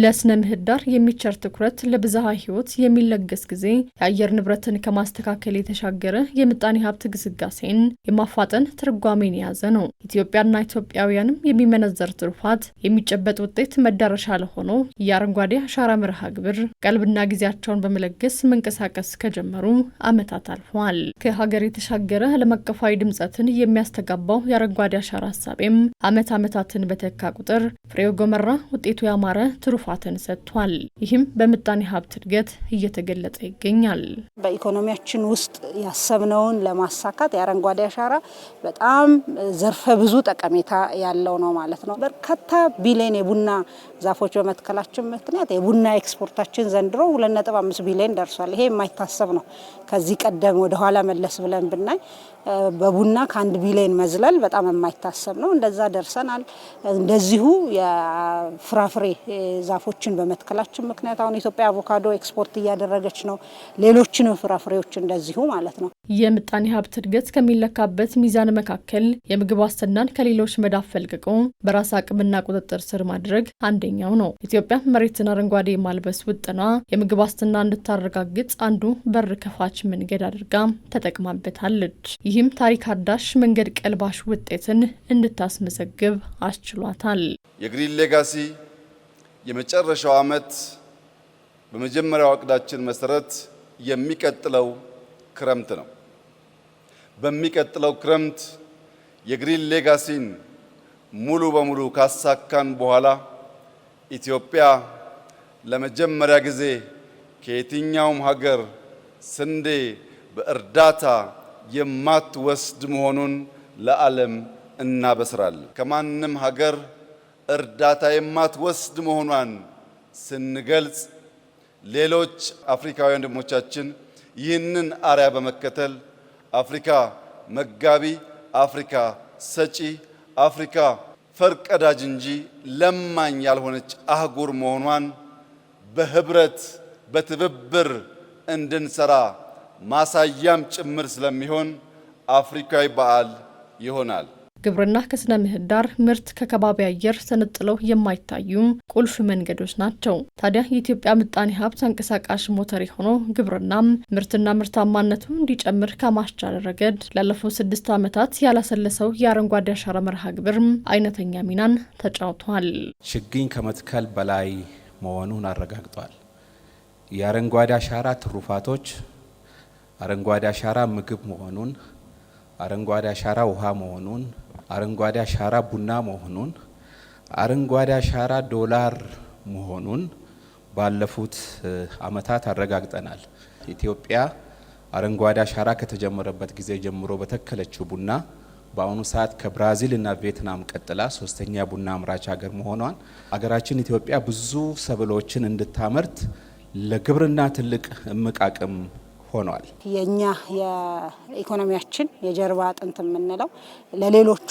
ለስነ ምህዳር የሚቸር ትኩረት፣ ለብዝሃ ህይወት የሚለገስ ጊዜ፣ የአየር ንብረትን ከማስተካከል የተሻገረ የምጣኔ ሀብት ግስጋሴን የማፋጠን ትርጓሜን የያዘ ነው። ኢትዮጵያና ኢትዮጵያውያንም የሚመነዘር ትሩፋት፣ የሚጨበጥ ውጤት መዳረሻ ለሆነው የአረንጓዴ አሻራ መርሃ ግብር ቀልብና ጊዜያቸውን በመለገስ መንቀሳቀስ ከጀመሩ ዓመታት አልፈዋል። ከሀገር የተሻገረ ዓለም አቀፋዊ ድምጸትን የሚያስተጋባው የአረንጓዴ አሻራ ሀሳቤም ዓመት ዓመታትን በተካ ቁጥር ፍሬው ጎመራ፣ ውጤቱ ያማረ ትሩፋ ትሩፋትን ሰጥቷል። ይህም በምጣኔ ሀብት እድገት እየተገለጸ ይገኛል። በኢኮኖሚያችን ውስጥ ያሰብነውን ለማሳካት የአረንጓዴ አሻራ በጣም ዘርፈ ብዙ ጠቀሜታ ያለው ነው ማለት ነው። በርካታ ቢሊዮን የቡና ዛፎች በመትከላችን ምክንያት የቡና ኤክስፖርታችን ዘንድሮ 2.5 ቢሊዮን ደርሷል። ይሄ የማይታሰብ ነው። ከዚህ ቀደም ወደኋላ መለስ ብለን ብናይ በቡና ከአንድ ቢሊዮን መዝለል በጣም የማይታሰብ ነው። እንደዛ ደርሰናል። እንደዚሁ የፍራፍሬ ዛፎችን በመትከላችን ምክንያት አሁን ኢትዮጵያ አቮካዶ ኤክስፖርት እያደረገች ነው። ሌሎችንም ፍራፍሬዎች እንደዚሁ ማለት ነው። የምጣኔ ሀብት እድገት ከሚለካበት ሚዛን መካከል የምግብ ዋስትናን ከሌሎች መዳፍ ፈልቅቆ በራስ አቅምና ቁጥጥር ስር ማድረግ አንደኛው ነው። ኢትዮጵያ መሬትን አረንጓዴ ማልበስ ውጥኗ የምግብ ዋስትና እንድታረጋግጥ አንዱ በር ከፋች መንገድ አድርጋ ተጠቅማበታለች። ይህም ታሪክ አዳሽ መንገድ ቀልባሽ ውጤትን እንድታስመዘግብ አስችሏታል። የግሪን ሌጋሲ የመጨረሻው ዓመት በመጀመሪያው እቅዳችን መሰረት የሚቀጥለው ክረምት ነው። በሚቀጥለው ክረምት የግሪን ሌጋሲን ሙሉ በሙሉ ካሳካን በኋላ ኢትዮጵያ ለመጀመሪያ ጊዜ ከየትኛውም ሀገር ስንዴ በእርዳታ የማትወስድ መሆኑን ለዓለም እናበስራለን። ከማንም ሀገር እርዳታ የማትወስድ መሆኗን ስንገልጽ ሌሎች አፍሪካውያን ወንድሞቻችን ይህንን አርያ በመከተል አፍሪካ መጋቢ፣ አፍሪካ ሰጪ፣ አፍሪካ ፈርቀዳጅ እንጂ ለማኝ ያልሆነች አህጉር መሆኗን በህብረት በትብብር እንድንሰራ ማሳያም ጭምር ስለሚሆን አፍሪካዊ በዓል ይሆናል። ግብርና ከስነ ምህዳር ምርት ከከባቢ አየር ተነጥለው የማይታዩም ቁልፍ መንገዶች ናቸው። ታዲያ የኢትዮጵያ ምጣኔ ሀብት አንቀሳቃሽ ሞተር የሆነው ግብርናም ምርትና ምርታማነቱ እንዲጨምር ከማስቻል ረገድ ላለፉት ስድስት ዓመታት ያላሰለሰው የአረንጓዴ አሻራ መርሃ ግብር አይነተኛ ሚናን ተጫውቷል። ችግኝ ከመትከል በላይ መሆኑን አረጋግጧል። የአረንጓዴ አሻራ ትሩፋቶች አረንጓዴ አሻራ ምግብ መሆኑን፣ አረንጓዴ አሻራ ውሃ መሆኑን አረንጓዴ አሻራ ቡና መሆኑን፣ አረንጓዴ አሻራ ዶላር መሆኑን ባለፉት አመታት አረጋግጠናል። ኢትዮጵያ አረንጓዴ አሻራ ከተጀመረበት ጊዜ ጀምሮ በተከለችው ቡና በአሁኑ ሰዓት ከብራዚል እና ቪየትናም ቀጥላ ሶስተኛ ቡና አምራች ሀገር መሆኗን ሀገራችን ኢትዮጵያ ብዙ ሰብሎችን እንድታመርት ለግብርና ትልቅ እምቅ አቅም ሆኗል። የእኛ የኢኮኖሚያችን የጀርባ አጥንት የምንለው ለሌሎቹ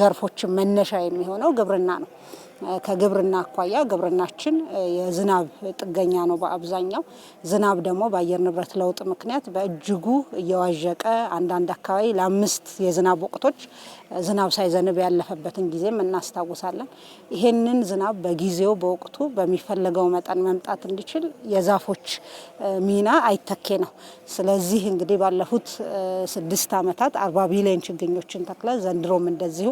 ዘርፎችን መነሻ የሚሆነው ግብርና ነው። ከግብርና አኳያ ግብርናችን የዝናብ ጥገኛ ነው በአብዛኛው። ዝናብ ደግሞ በአየር ንብረት ለውጥ ምክንያት በእጅጉ እየዋዠቀ አንዳንድ አካባቢ ለአምስት የዝናብ ወቅቶች ዝናብ ሳይዘንብ ያለፈበትን ጊዜም እናስታውሳለን። ይሄንን ዝናብ በጊዜው በወቅቱ በሚፈለገው መጠን መምጣት እንዲችል የዛፎች ሚና አይተኬ ነው። ስለዚህ እንግዲህ ባለፉት ስድስት ዓመታት አርባ ቢሊዮን ችግኞችን ተክለ ዘንድሮም እንደዚሁ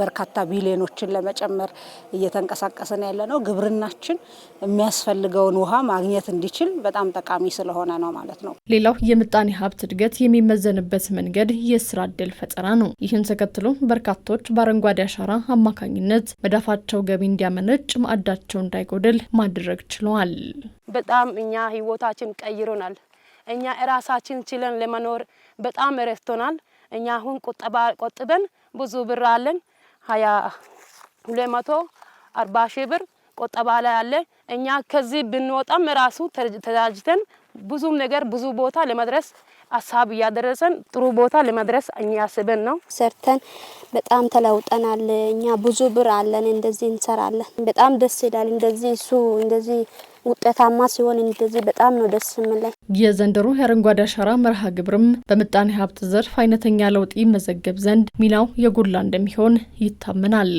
በርካታ ቢሊዮኖችን ለመጨመር እየተንቀሳቀስን ያለ ነው። ግብርናችን የሚያስፈልገውን ውሃ ማግኘት እንዲችል በጣም ጠቃሚ ስለሆነ ነው ማለት ነው። ሌላው የምጣኔ ሀብት እድገት የሚመዘንበት መንገድ የስራ እድል ፈጠራ ነው። ይህን ተከትሎ በርካቶች በአረንጓዴ አሻራ አማካኝነት መዳፋቸው ገቢ እንዲያመነጭ፣ ማዕዳቸው እንዳይጎደል ማድረግ ችለዋል። በጣም እኛ ህይወታችን ቀይሮናል። እኛ እራሳችን ችለን ለመኖር በጣም ረስቶናል። እኛ አሁን ቁጠባ ቆጥበን ብዙ ብር አለን ሀያ ሁለት መቶ አርባ ሺህ ብር ቆጠባ ላይ አለ። እኛ ከዚህ ብንወጣም ራሱ ተደራጅተን ብዙም ነገር ብዙ ቦታ ለመድረስ ሀሳብ እያደረሰን ጥሩ ቦታ ለመድረስ እኛ ያስበን ነው። ሰርተን በጣም ተለውጠናል። እኛ ብዙ ብር አለን፣ እንደዚህ እንሰራለን። በጣም ደስ ይላል። እንደዚህ እሱ እንደዚህ ውጤታማ ሲሆን እንደዚህ በጣም ነው ደስ የምለን። የዘንድሮ የአረንጓዴ አሻራ መርሃ ግብርም በምጣኔ ሀብት ዘርፍ አይነተኛ ለውጥ ይመዘገብ ዘንድ ሚናው የጎላ እንደሚሆን ይታመናል።